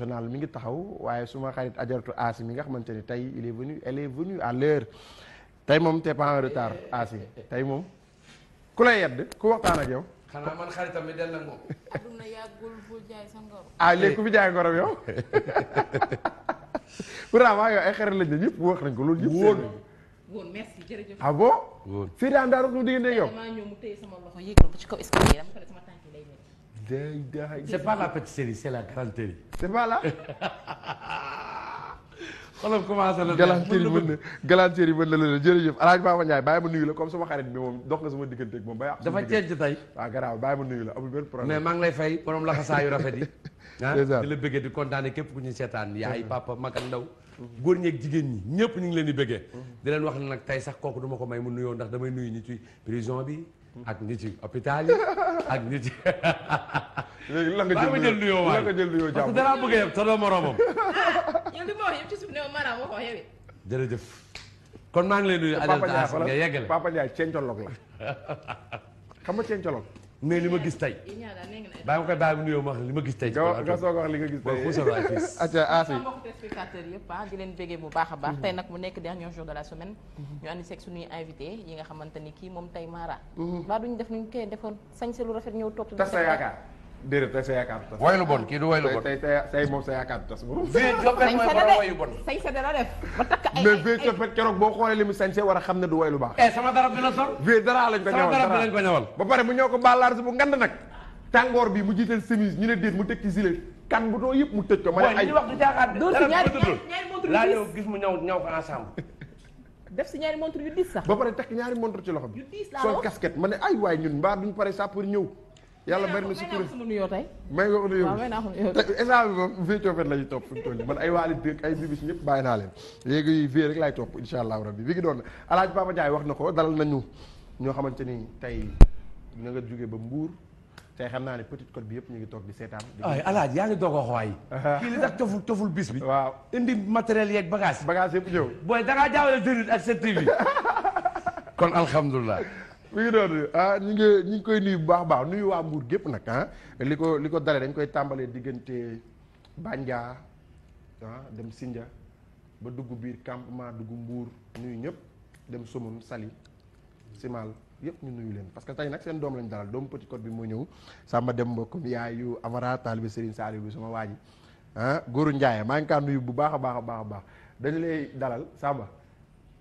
journal mi ngi taxaw waaye suma xarit ajaratu Asi mi nga xamante ni tey il est venu elle à l'heure tey moom t'es pas en retard Asi tey moom ku lay yedd ku waxtaan ak yow. xanaa man moom. aduna yàggul bul jaay sa ngoro. ah léegi ku fi jaay ngorom yow pourtant waa yow ay xarit lañ ne ñëpp wax c'est pas la pâtisserie c'est la galanterie. c'est pas la. xolam commencé na. galanterie mën na galanterie mën na la jërëjëf El Hadj Baba Ndiaye bàyyi ma nuyu la comme sama xarit bi moom dox nga sama diggante ak moom ba yàq. dafa ceeb ci tey. waaw ah, garaaw bàyyi ma nuyu la amul benn problème. mais maa ngi lay fay borom laxasaa yu rafet yi. Ah, di la bëggee di kontaane képp ku ñu seetaan yaay papa mag ak ndaw. góor ñeeg jigéen ñi ñëpp ñu ngi leen di bëggee. Mm-hmm. di leen wax ne nag tey sax kooku duma ko may mu nuyoo ndax damay nuyu ñi ci prison bi ak ñi ci ak ñi ci. léegi lan nga jël nuyoo waaye lan nga jël nuyoo jàmm dara bëgg a yem te doo moromam. yow ci suuf ne ma maanaam waxoo yow it. jërëjëf kon maa ngi lay nuyu. Adel Tass nga Papa Ndiaye Papa Ndiaye la xam nga ceencolog. mais li ma gis tey bàyyi ma koy bàyyi mu nuyoo ma wax li ma gis tey. nga soog wax li nga gis tey waaw Moussa Ba yëpp ah di leen bégee bu baax a baax. Mhm. tey nag mu nekk dernier jour de la semaine. Mhm. ñu ànd seeg suñuy invité yi nga xamante ni kii moom tey Mara. Mhm. mbaa duñ def ñu koy defoon sañse lu rafet ñëw toog. tas sa yaakaar déedéet tey sa yaakaar tas. woy lu bon kii du woy lu bon tey tey tey moom sa yaakaar tas. sañ sa dara sañ sa dara def ba takk ay mais bii coppet keroog boo xoolee li mu sañ see war a xam ne du woy lu baax. eh sama darab bi la sol. bii dara lañ ko ñëwal dara lañ ko ñëwal. ba pare mu ñëw ko bàllaar si bu ngand nag. tàngoor bi mu jiital semise ñu ne déet mu teg ci gilet kan bu doo yëpp mu tëj ko. ma ne ay li wax du caaxaan de. dara ñaari ñaari montre gis mu ñëw ñëw ko ensemble. def si ñaari montre yu diis sax. ba pare takk ñaari montre ci loxo bi. yu diis laa sol casquette ma ne ay waay ñun mbaa duñ pare sapeur ah, ñëw yàlla bari na sutura may nga ko nuyoo tey instant bi moom vie coofet la ñu topp man ay waali dëkk ay bibis ñëpp bàyyi naa leen léegi vie rek laay topp insha allahu rabbi bi ngi doon alaaji Papa jaay wax na ko dalal nañu ñoo xamante ni tey na nga jóge ba Mbour tey xam naa ne Petite Côte bi yëpp ñu ngi toog di seetaan. ay alaaj yaa ngi doog a xooy. kii li tax toful toful bis bi. waaw indi matériel yeeg bagage. bagage yëpp ñëw. booy da ngaa jaawale ak se TV. kon alhamdulilah. mi ngi doon ah ñu ngi ñu ngi koy nuyu bu baax baax nuyu waa Mbour gépp nag ah li ko li ko dalee dañ koy tàmbalee diggante Bandia ah dem Sindia ba dugg biir campement dugg mbuur nuyu ñëpp dem Somone Saly Simal yëpp ñu nuyu leen parce que tey nag seen doom lañ dalal doomu Petite Côte bi moo ñëw Samba dem ba comme yaayu Amara taalibe Serigne Saliou bi sama waa ji ah, Góoru Ndiaye maa ngi kaa nuyu bu baax a baax a baax a baax dañu lay dalal Samba.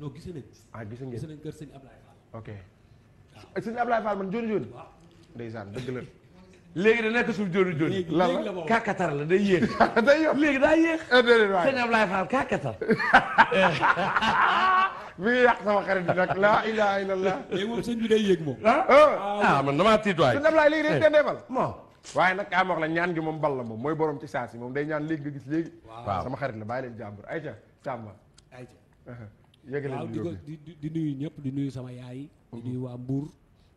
non gis nañ. ah gis ngeen gis nañ kër sëñ Ablaye Fall. ok waaw eh, sëñ Ablaye Fall man joni joni. waaw ndeysaan dëgg la. léegi da nekk suuf joni joni. léegi la ma kakatar la day yéex. day yéex léegi daa yéex. Eh, déedéet waay sëñ Ablaye Fall kakatar. mi ngi yàq sama xarit bi nag laa ilaha illallah. léegi moom sëñ bi day yéeg moom. ah, ah, oh. ah man damaa tiit waay. sëñ Ablaye léegi day tendee eh. bal. bon waaye nag kaa ma wax la ñaan gi moom bal la moom mooy borom ci saa si moom day ñaan léegi nga gis léegi. waaw sama xarit la bàyyi leen jàmbur ayca sàmm ayca uh-huh. yëgale waaw di ko di nuyu ñëpp di nuyu sama yaay. di nuyu waa Mbour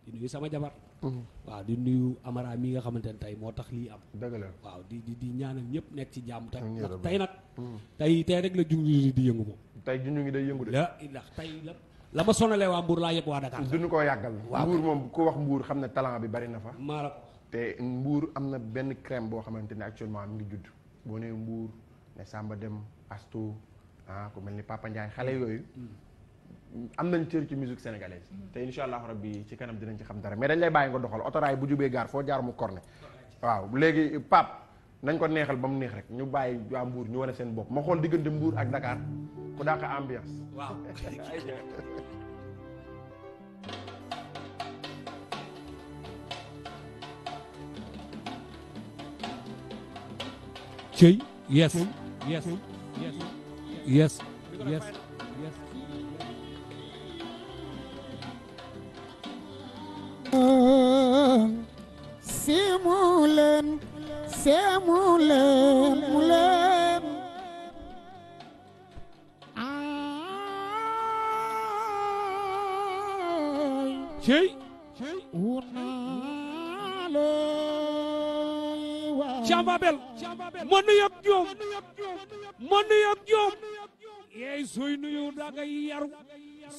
di nuyu sama jabar. Mhm. waaw di nuyu amaraam mi nga xamante ne tey moo tax lii am. dëgg la waaw di di di ñaanal ñëpp nekk ci jàmm. tey nag tey nag. Mhm. tey tey rek la junj di yëngu moom. tey junj gi day yëngu de. la ndax tey la. la ma sonalee waa Mbour laa yëpp waa Dakar. duñu koo yàggal. waaw moom ku wax Mbour xam ne talent bi bari na fa. maa ko te mbuur am na benn crème boo xamante ne actuellement mi ngi judd. boo nee Mbour Samba Dem Asto ah ku mel ni Papa Ndiaye xale yooyu nañ cër ci mm. te insha allahu ci kanam dinañ ci xam dara mais dañ lay bàyyi nga doxal otoraay bu jubee jaar mu corne waaw léegi nañ ko neexal ba mu neex rek ñu bàyyi waa Mbour ñu wane seen bopp ma xool diggante Mbour ak Dakar ku dàq ambiance waaw cëy yes yes yes Yes. Yes. Yes. Semulen, semulen, mulen. Ay. Şey. babel ma nuyoog ñoom ma nuyoog ñoom yeey sooy nuyu da ngay yaru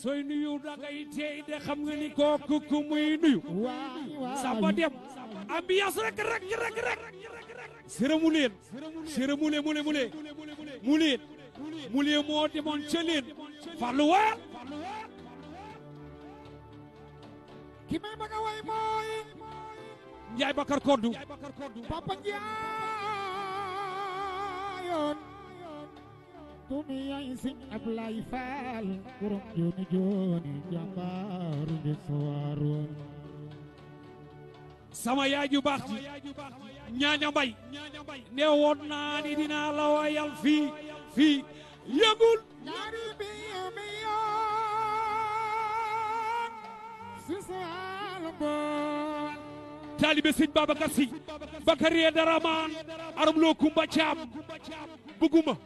sooy nuyu da ngay teey de xam nga ni kooku ku muy nuyu samba dem ambiance rek rek rek rek sere mu leen sere mu leen mu leen mu leen mu leen mu leen moo demoon ca leen farlu waar ki may bëgg a way mooy Ndiaye Bakar Koddu Papa Ndiayoon tumi yaay sëñ Ablaay Faal borom jooni jooni jàmbaaru ñu sawaaroon sama yaay ju baax ji ñaaña mbay ne woon naa ni fii fii yëgul ñaari bi mi yoon si saal bool taalibe sëñ Babacar Sy Bakariya Daraman aram loo Kumba Caam buguma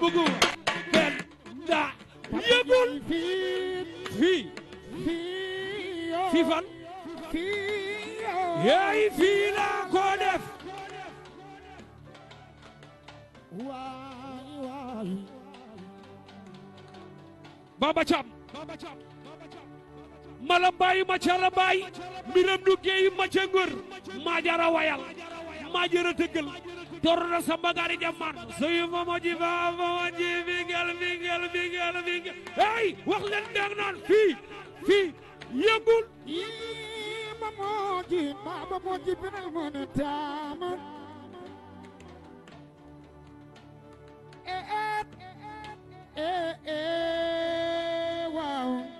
buguma kenn da yëgul fii fii fan yeey fii laa ko def Baba Caam mala mbayi macara mbayi mbiram du geeyi maca ngor majara wayal majara tëggal torna samba gari jamman soyu mama ji fa mama ji bingel bingel bingel bingel wax leen ndang naan fii fii yëngul yi mama ji ma mama ji binal mo ne taama e eh, e eh, e eh, e waaw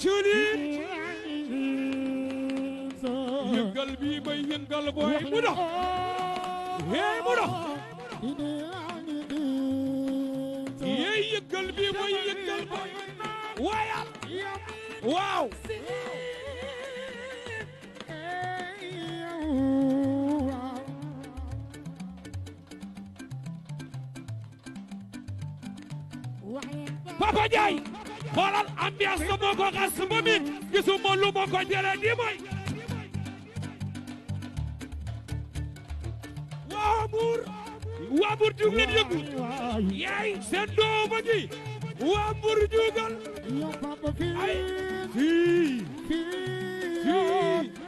yëngal bi bay yëngal booy mu dox hey mu dox yey yëngal bi bay yëngal booy waayal waaw xoolal ambiance ba moo ko xas ba mit gisuma lu ma ko jëlee nii mooy waa Mbour waa Mbour jug leen yëngu yaay seen doow ba waa Mbour jugal ay fii fii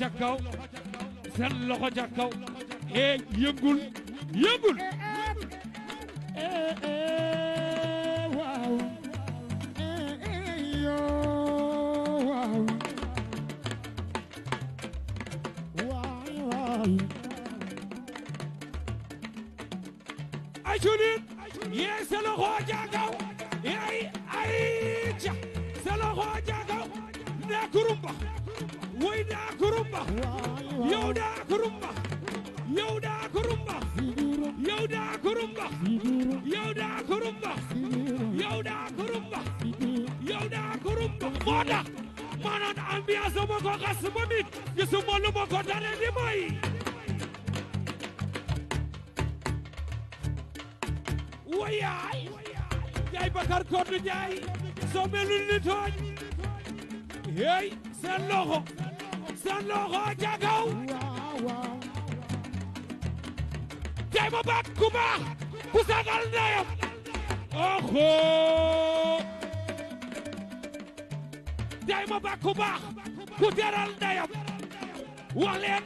ca kaw seen loxo ca kaw ee yëngul yëngul ee e, waaw ee e, waaw waay ay cunin yee seen loxo ca kaw ay ay ca seen loxo ca kaw ne kurumba woy daa ko rumba daa ko rumba daa ko rumba daa ko rumba yow daa ko rumba yow daa ko rumba yow daa ko rumba moo tax ma naan ambiance ma ko xas ba mit gisuma yaay soo melul ni hey seen loxo seen loxo ca kaw tey ma baat ku baax ku sagal ndeyam oxo tey ma baat ku baax ku teral ndeyam wax leen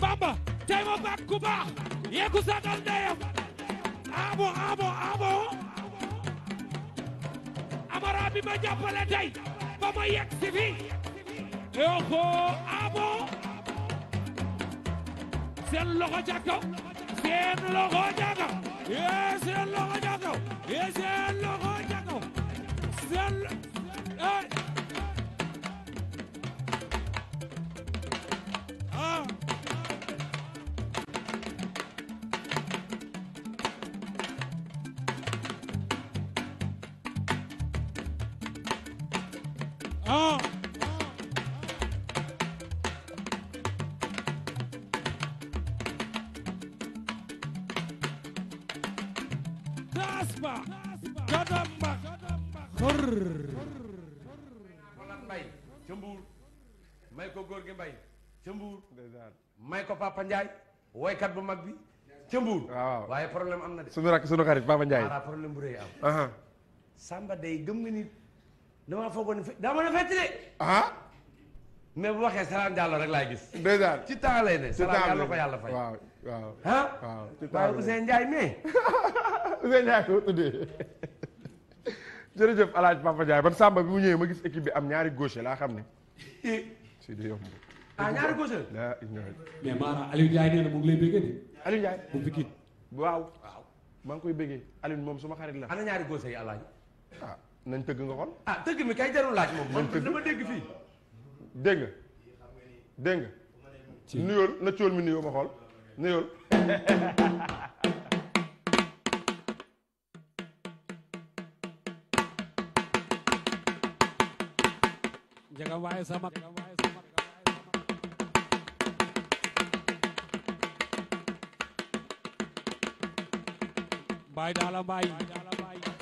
bamba tey ma baat ku baax yee ku sagal ndeyam abo abo abo Mara bi ma jàppale tey ba ma yegg si fi yow abo seen loxo ca seen loxo ca yee seen loxo ca seen loxo ca kaw seen ah may ko Papa Ndiaye woykat bu mag bi ca Mbuur waaw waaye problème am na de suñu rakk suñu xarit Papa Ndiaye problème bu rëy am samba day gëm nga nit damaa foogoon ne daa mën a fett de. ah. mais bu waxee Salam Diallo rek laay gis. dèjà ci temps lay ne. ci temps Salam Diallo ko yàlla fay. waaw waaw. ah waaw ci temps waaye Ousseyn Ndiaye mais. Ousseyn Ndiaye ko tuddee jërëjëf El Hadj Papa Ndiaye man mu ñëwee ma gis équipe bi am ñaari gauche laa xam ne. si yomb. ah ñaari gauche la. mais maanaam Aliou Ndiaye nee na mu ngi lay bëggee a Aliou Ndiaye bu waaw waaw maa ngi koy bëggee moom suma xarit la. ana ñaari gauche yi El nañ tëgg nga xool. Ah, tëgg mi kay jarul laaj moom. man dama dégg fii. dégg nga dégg nga. ci na cool mi nuyoo ma xool nuyool. jaga waaye sama. mbaay daala mbaay.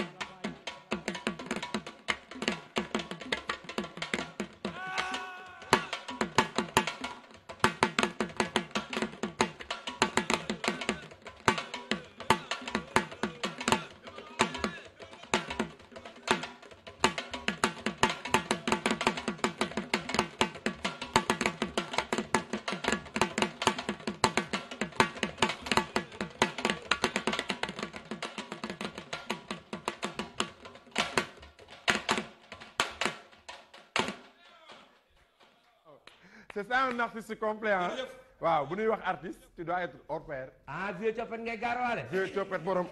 c'est ça un artiste complet ah. waaw bu ñuy wax artiste tu dois être hors pair. ah coppet ngay gaarawaale. vieux coppet borom.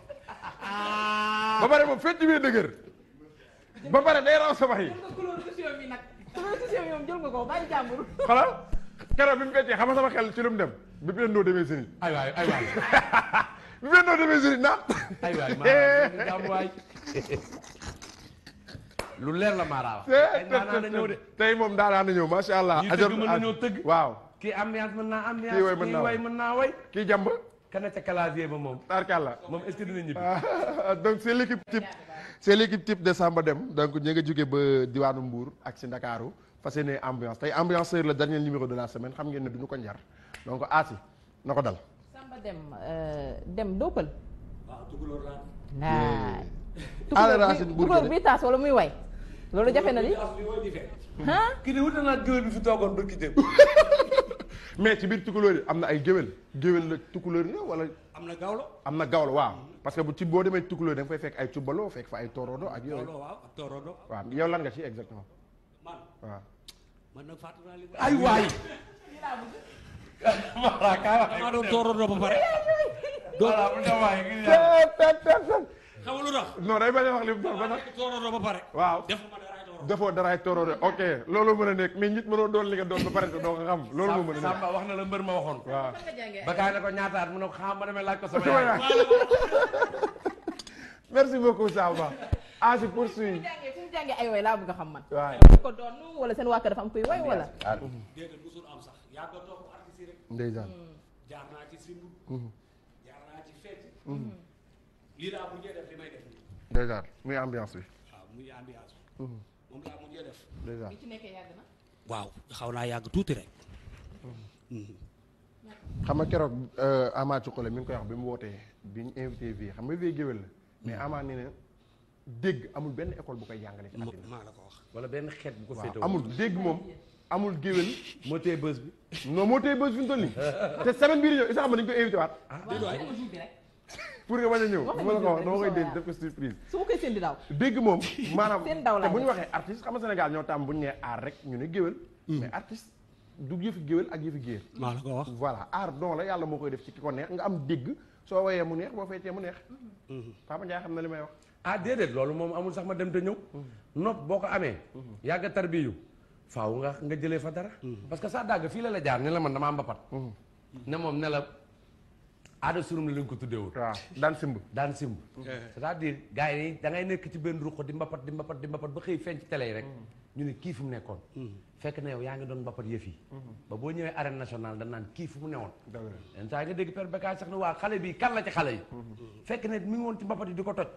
Ah. ba pare moom fecc bi dëgër. ba pare day raw sama yi. jël nga ko bàyyi jàmbur. xoolal keroog bi mu feccee xam nga sama xel ci lu mu dem. bi benn doo demee Zénith. bi benn doo demee Zénith na. lu leer la Mara wax. Eh, tey moom daanaa na ñëw macha allah. ajo tëgg mën nañoo tëgg. waaw kii ambiance mën naa ambiance. kii way mën naa way kii mën naa way. kii jàmb. ba moom. tarkalla moom est-ce que dina ñibbi. Ah, donc c'est l'équipe type de Samba Dem donc ñu nga jóge ba diwaanu Mbour ak si Ndakaaru fas yéene ambiance tey ambiance sur le dernier numéro de la semaine xam ngeen ne duñu ko njar donc aasi na ko dal. Samba Dem euh, Dem dóopal. waaw tukulóor laa. Eh. taas wala muy loolu jafe na li kii de wutal naa géwél bi fi toogoon bërki dem mais ci biir tukulóor yi am na ay géwél géwél la tukulóor na wala am na gawlo am na gawlo waaw parce que bu ci boo demee tukulóor da nga fekk ay cubbaloo fekk fa ay torodo ak yooyu waaw yow lan nga ci exactement man ay waay maa doon torodo xam nga lu bañ a wax li mu doon ba ba pare waaw defoo daraay tooroo ok loolu mën a nekk mais nit mënoo doon li nga doon ba pare te doo ko xam loolu moo mën a nekk Samba wax na la mbër ma waxoon waaw bakaay na ko ñaataat mu a ko xam ma demee laaj ko sama yaay merci beaucoup Samba ah si poursuit waaw jàngee ay way laa bëgg a xam man. waaw seen waa dafa am kuy way wala. Ah. Hmm. naa ci lii muy ambiance bi. waaw mhm. waaw xaw naa yàgg tuuti rek. Mhm. Mhm. xam nga keroog euh, Ama Cukole mi ngi koy wax bi mu wootee bi ñu invité fii xam nga fii géwél la mais Ama ni na dégg amul benn école bu koy jàngale. ci àddina wala benn xeet bu ko amul dégg moom. amul géwél moo téye bës bi. non moo téye bës bi ñu toll nii. te semaine bii di ñëw isa xam ne koy invité waat. Ah, pour nga bañ a ñëw bu ma la ko wax dama koy dégg def ko surprise su ma koy seen di daw dégg moom maanaam te bu ñu waxee artiste xam nga Sénégal ñoo tàmm bu nee aar rek ñu ne géwél hmm. mais artiste du yëfi géwél ak yëfi géer maa la ko wax voilà aar don la yàlla moo koy def ci ki ko neex nga am dégg soo woyee mu neex boo feccee mu neex hmm. Papa Ndiaye xam na li may wax ah déedéet loolu moom amul sax ma dem te ñëw hmm. nopp boo ko amee yàgga tarbiyu faaw nga nga jëlee fa dara parce que saa dàgg fii la la jaar ne la man damaa mbapat ne aada surum la lañ ko tuddee daan simb. daan simb. c'est-à-dire gars yi da ngay nekk ci benn ruq di mbapat di mbapat di mbapat ba xëy feeñ ci yi rek. Mm. ñu ne kii fu mu nekkoon. Mm. fekk na yow yaa ngi doon mbapat yëf yi. Mm-hmm. ba boo ñëwee arène nationale da naan kii fu mu newoon. dëgg saa nga dégg per Bekaay sax ne waa xale bi kan la ci xale yi. Mm-hmm. fekk ne mi ngi woon ci mbapat yi di ko toj.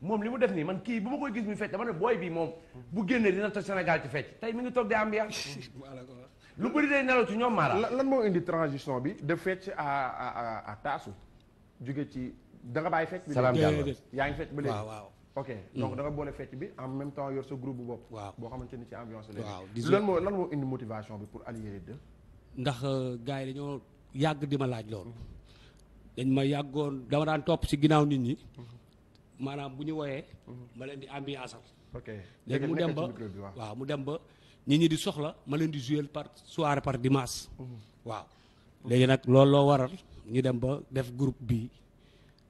moom li mu def nii man kii bu ma koy gis muy fecc dama ne booy bi moom. mi ngi toog lu bëri day nelaw ci ñoom maanaam. lan lan moo indi transition bi de fecc à à à taasu jóge ci da nga bàyyi fecc bi. salaam yaa ngi fecc ba léegi waaw waaw. ok hmm. donc da boole fecc bi en même temps yor sa groupe bu bopp. waaw boo xamante ni ci ambiance la. waaw lan moo lan moo indi motivation bi pour allier les deux. ndax euh, gars yi dañoo yàgg di ma laaj loolu. dañ ma yàggoon dama daan topp ci ginnaaw nit ñi. maanaam bu ñu woyee. Hmm. ma leen di ambiance am. ok léegi mu dem ba waaw mu dem ba. ñi ñi di soxla ma leen di jouer par soirée par dimanche. Mm-hmm. waaw léegi nag loolu loo waral ñu dem ba def group bi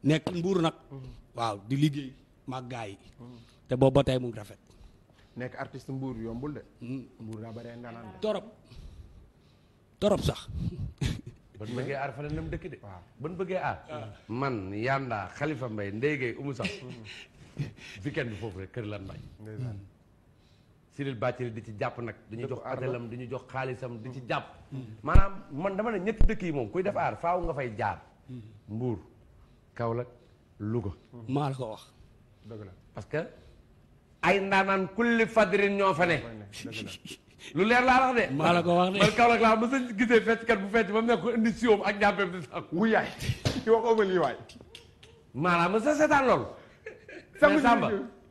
nekk mbuur nag. Mm-hmm. waaw di liggéey mag gaa yi. Mm-hmm. te boobu ba tey mu ngi nekk artiste mbuur yombul de. Mm. mbuur daa bari nga naan de. torop torop sax. ban bëggee aar fa la dem dëkk de. waaw ban bëggee aar. Ah. man Yanda Khalifa Mbaye Ndeye Gueye Oumou Sakho. weekend foofu rek Kër Lan Mbaye. Cyril Bathily di ci jàpp nag dañu jox adalam dañu jox xaalisam di ci mm-hmm. jàpp mm-hmm. maanaam man dama ne ñetti dëkk yi moom koy def aar faaw nga fay jaar mm-hmm. Mbuur Kaolack Louga maa la ko wax dëgg la parce que ay ndaanaan kulli fadrin ñoo fa ne lu leer laa wax de maa la ko wax de man Kaolack laa mos a gisee fecckat bu fecc ba mu nekk ko indi siwam ak jàppeem di sax wu yaay ci wax ooma lii waay maanaam mos a seetaan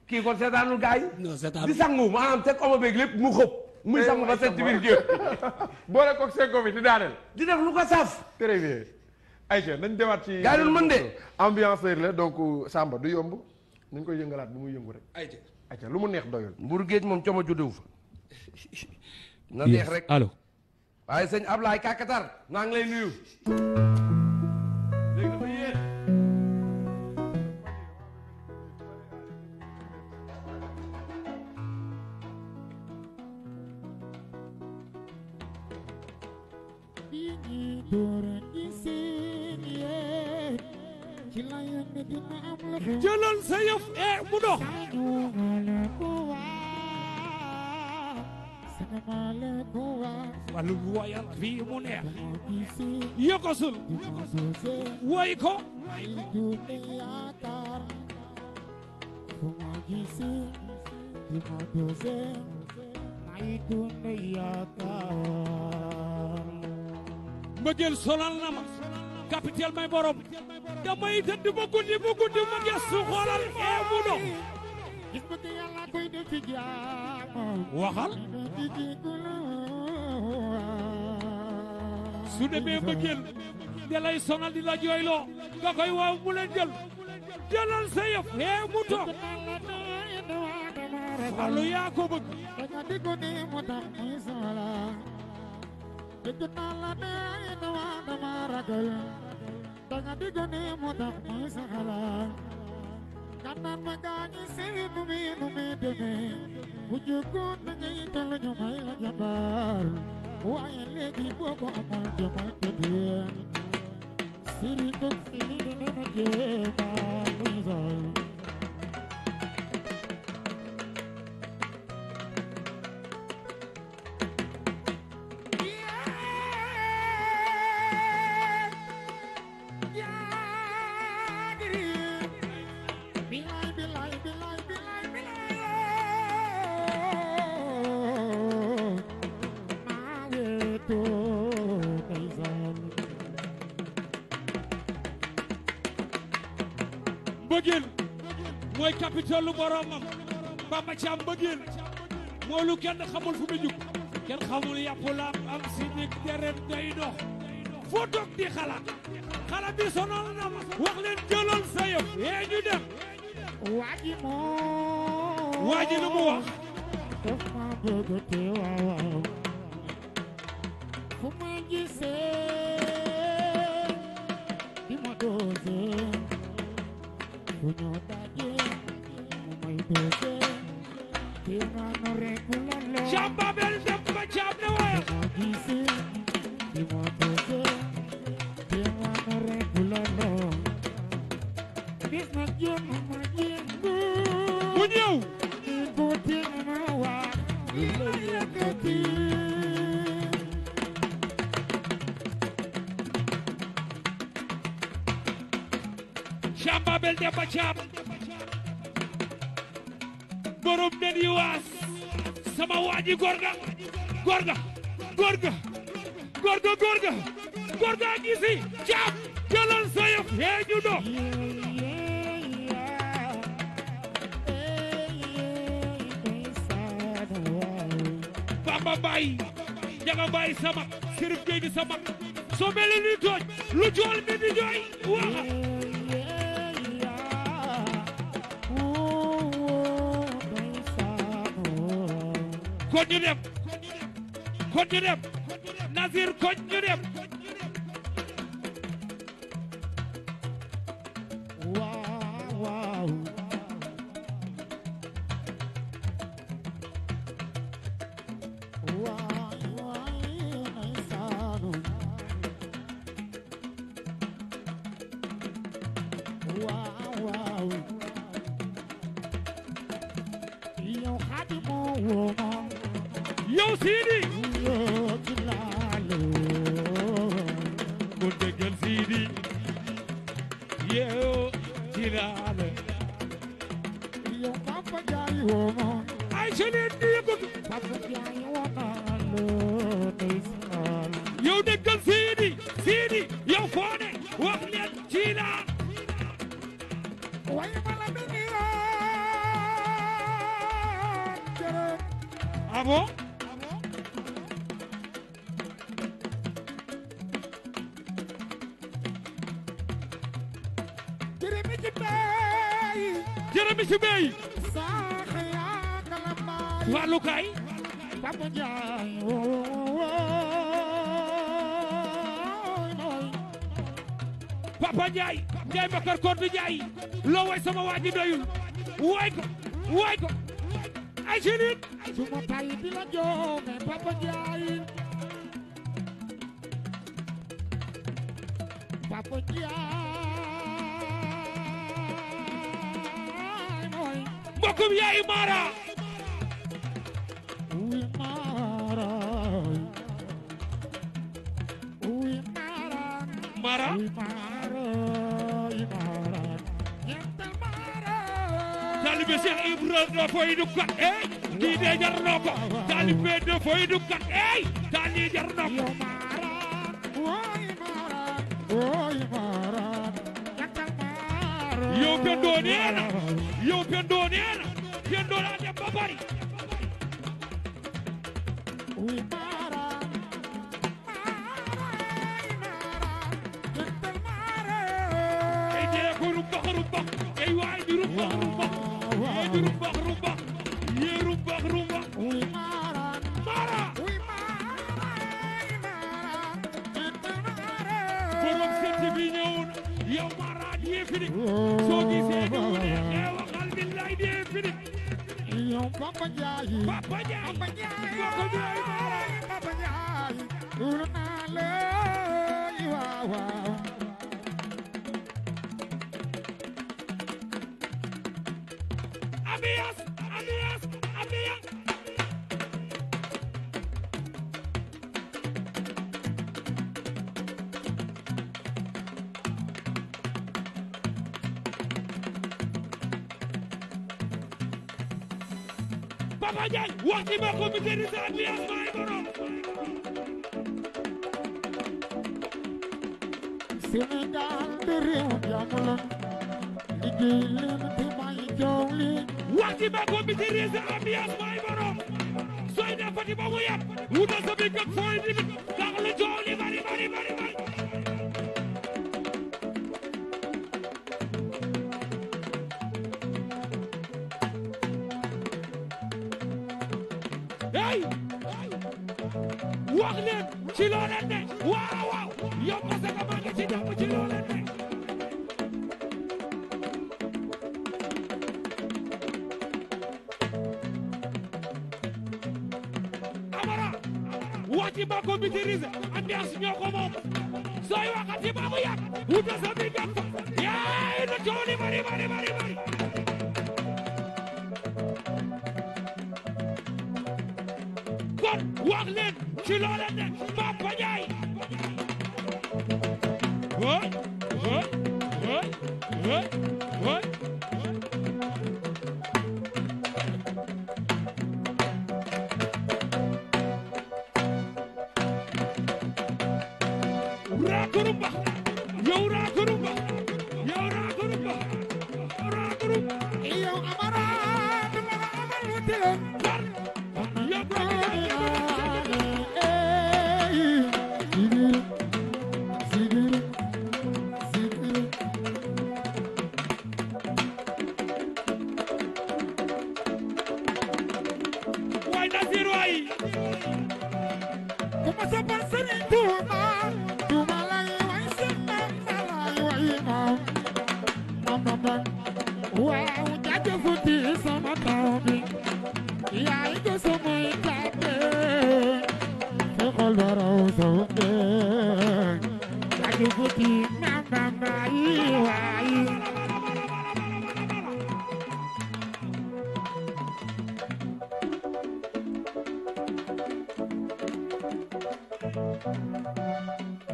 kii kon seetaanul gars yi. non seetaanul di sangu maanaam teg omo beeg lépp mu xëpp. muy sangu ba set ci biir géej. boole koog seen fi di daaneel. di def lu ko saf. très bien. ayca nañ demaat ci. mën de. ambianceur la donc euh, Samba du yomb nañ koy yëngalaat bu muy yëngu rek. ayca ayca lu mu neex doyul. mburu géej moom coomo juddu fa. na neex rek allo. waaye sëñ Ablaye Kakatar maa ngi lay nuyu. ñi doora ñi seeni ci layoon ne dina am lu xew jëlal sa yëf ee eh, mu dox wàllu wayal fii mu neex yokosul way ko ay dund yaakaar ma capital may borom damay tëdd ba waxal su demee mbëggeel da lay sonal di la jooyloo nga koy waaw mu leen jël jëlal sa yëf ee mu toog yaa ko bëgg ragal danga digg ne moo tax mooy ma gaañi siri mi nu mi demee bu jëkkoon da ngay toll ñu may la jabar waaye léegi boobu amul jëmal tëddee siri dog siri dana jéema luy mbëggeel mooy capital lu boromam Bamba Caam mbëggeel kenn xamul fu mu kenn xamul yàpp am si deret day dox foo toog di xalaat xalaat bi na ma wax leen jëlal sa ñu dem waa moo waa lu mu wax def ma bëgg te aji góor ga góor ga góor ga góor caab jëlal sa yëf hee ñu do bamba baay jaga baay sama sirif géy gi sama mi di jooy koñ ñu dem koñ ñu dem Nasir koñ ñu dem Moustapha Ndiaye Ndiaye Bakar Kodou Ndiaye loo way sama waa ji doyul way ko way ko ay si nit suma tay bi la joome Papa Ndiaye Papa Ndiaye mooy mbokkum yaay Mara uy Mara uy Mara Mara taalibe Cheikh Ibra dafay du kat ey eh? diine jar na ko taalibe dafay du kat ey eh? taali jar na ko yow Pendo nee na yow Pendo nee na Pendo laa dem ba bari ay dee ko rumbax rumbax ay waay di rumbax rumbax rumba rumba ye rumba rumba uy mara mara uy mara borom setti bi ñëwoon yow mara ye fini soo gisee ñu ne eh waxal billahi ye fini yow papa jaay papa jaay papa jaay papa jaay Papa Diagne waxtu ma ko bindee di sa ambiance maay borom. Sénégal de réew jàmm la liggéey leen te may joow leen. waxtu ma ko bindee di sa hey wax leen ci loo ne waaw waaw yow Masaka ci jàmm ci loo ne Amara wax ci bako bi dirise ambiance ñoo moom sooy waxati ba mu yàgg wuta sa bi gàtt yaay na coow li bari bari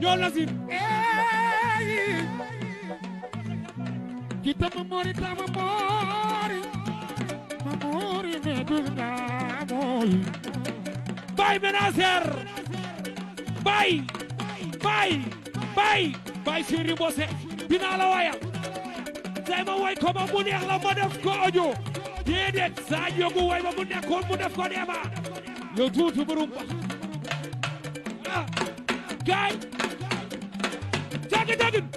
ñoo nasir eeyi kita mamori ta mamori mamori me dunga moy bay menacer bay bay bay bay siri bose dina la waya say ma way ko ba mu neex la ma def ko ojo déedéet saa jogu way ba mu nekkoon mu def ko deema yow tuuti burum Caagin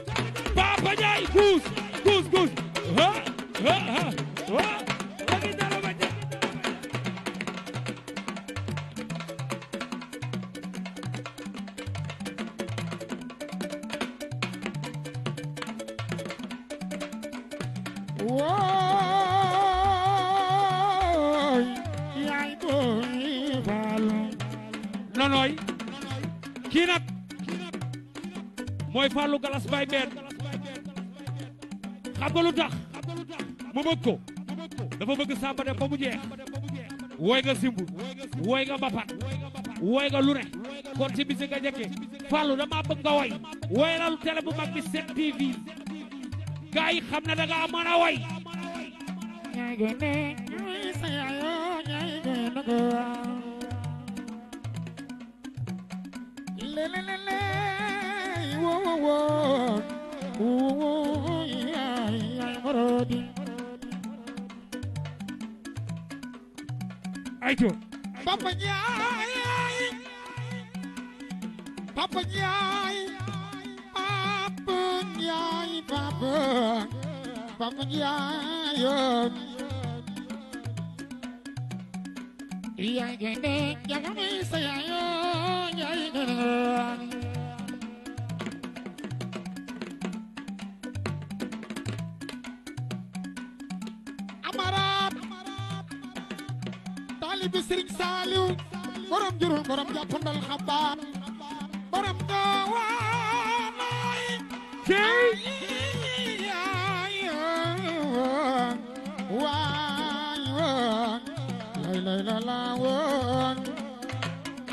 Papa Ndiaye guus guus guus Galas Mbaye benn xam nga lu tax mu bëgg ko dafa bëgg Samba dem ba mu jeex wooy nga simb wooy nga mbapat wooy nga lu ne kon ci bisi nga njëkkee Fallou dama bëgg nga woy woyalal télé bu mag bi 7TV gaa xam na da nga a woy الفرادي ايتو بابا جاي بابا جاي بابا جاي بابا بابا جاي يا جنة يا غني سيا يا جنة Serigne Saliou borom jurul borom jàppandal xabaan borom doowaanaay key yaayoon waayoon lay lay la laawoon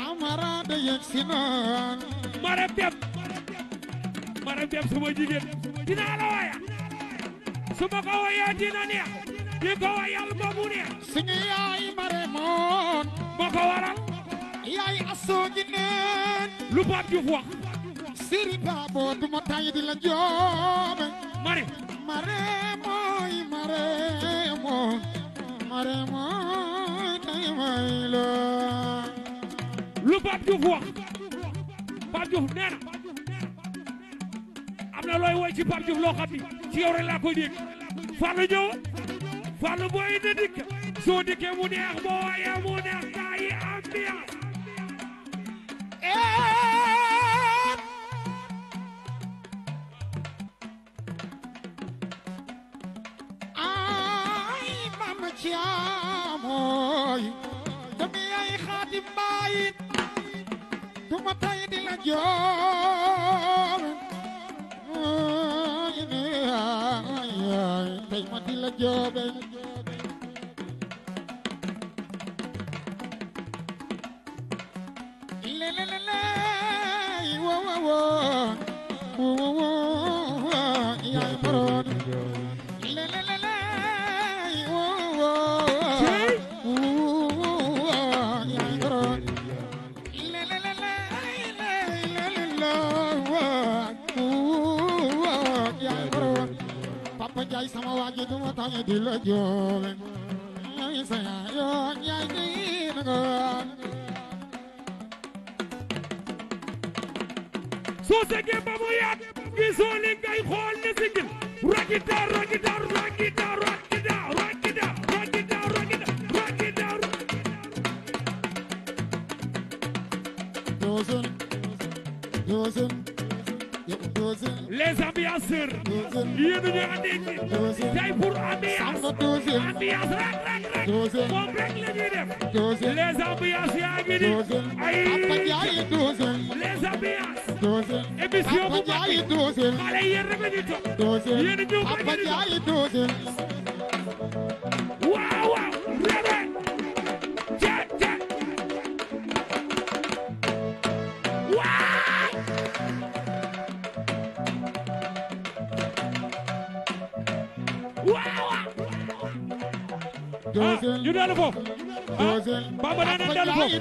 amara da yëg si noon mara pep mara pep suma jigéen dinaa la waya suma ko waya dina neex di ko wayal ba mu neex suñu yaay ma amoon moo ko waral yaay asoo neen lu Pape Diouf wax siri baaboo duma di la joobe mare mare mooy mare mooy mare mooy tay may la lu wax Pape Diouf nee am na looy woy ci Pape Diouf loo xam ni ci yow rek laa koy dégg Fallou ñëw Fallou booy na dikk soo dikkee mu neex boo waayee mu neex gaa yi ambiance ay mama ciamooy dama yaay xaatim baayit du ma tay di la joor ay ay tay ma di la joobee tañe di la joole ay sa yoon yaay nii na nga soo segee ba mu yàgg ragida ragida ragida ragida ragida ragida ragida ragida les ambianceurs yéen ñu andi ci tey pour ambiance ambiance rek rek rek moom rek la ñuy def les ambiances yaa ngi ni ay les ambiances émission bu mag xale yéen rek la ñuy topp yéen ñu ko ah ñu dellu foofu. ah Bamba ay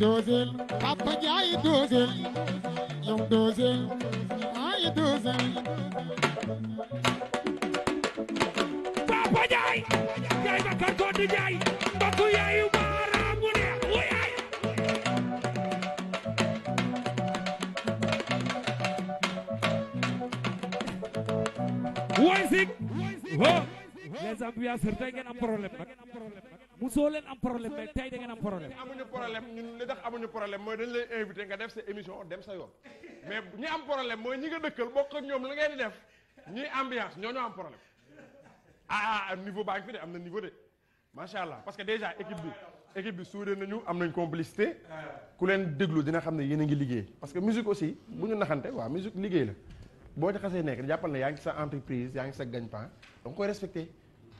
doosel Papa Njaay kay bakar ko di ambiance ambiance tey am problème nag musoo leen am problème mais tey da am problème. mooy dañu lay invité nga def sa émission dem sa yoon mais ñi am problème mooy ñi nga dëkkal bokk ak ñoom la ngeen def ñi ambiance ñoo ñoo am problème ah, ah, ah niveau baa ngi fi de am na niveau de macha allah parce que déjà équipe bi. équipe bi suuree nañu am nañ complicité ku leen déglu dina xam ne yéen a ngi liggéey parce que musique aussi bu ñu naxante waaw musique liggéey la boo ci yaa ngi sa entreprise yaa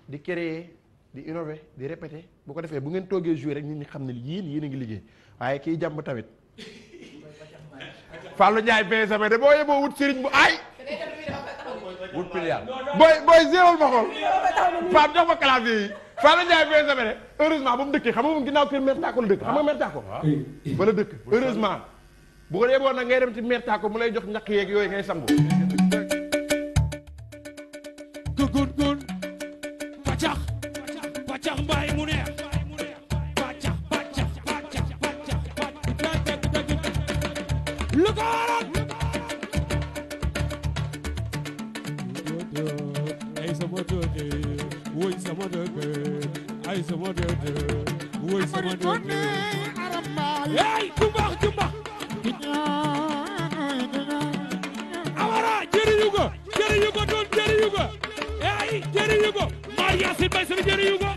di créer di innover di répéter boo ko defee bu ngeen toogee jouer rek nit ñi xam ne yéen yéen a ngi liggéey waaye kii jàmb tamit Fallou Ndiaye PSM de boo yeboo wut sëriñ bu aay wut pilial booy booy zéewal ma xool Pape jox ma clavier yi Fallou Ndiaye PSM de heureusement ba mu dëkkee xam nga moom ginnaaw kër Mère Tako la dëkk xam nga Mère Tako ba ah. la dëkk heureusement bu ko yeboo nag ngay dem ci Mère mu lay jox ñaq yeeg yooyu ngay sangu sama doode woy awara jëriñu ko jëriñu ko doon jëriñu ko hey jëriñu ko maar yaasin bay sama jëriñu ko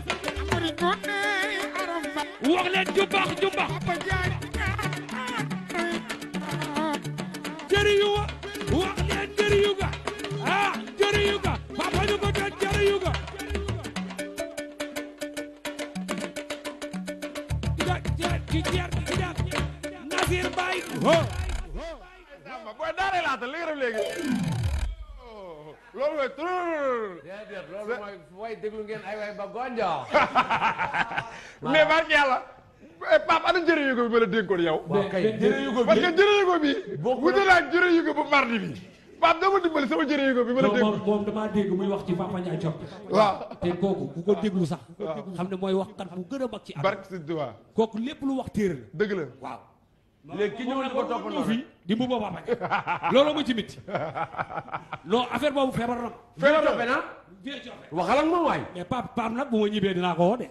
wax leen gonjo mais barke yàlla eh, Pape ana jërë yugo bi ma la dénkoon yow. waaw kay jërë yugo bi parce que jërë yugo bi. bokkul wute naa jërë yugo bu mardi bi. Pape dama dimbali sama jërë yugo bi ma la dénkoon. moom moom dégg muy wax ci Papa Ndiaye Coppe. waaw te kooku ku ko déglu sax. xam ne mooy wax kat bu gën a mag ci. barke si waaw kooku lépp lu wax téere la. dëgg la waaw. léegi ki ñëw na di mbubboo papa Ndiaye looloo ma ci métti non affaire boobu feebar na. feebar na benn vieux coppe waxal ak moom waay. mais Pape Pape nag bu ma ñibbee dinaa ko woo de.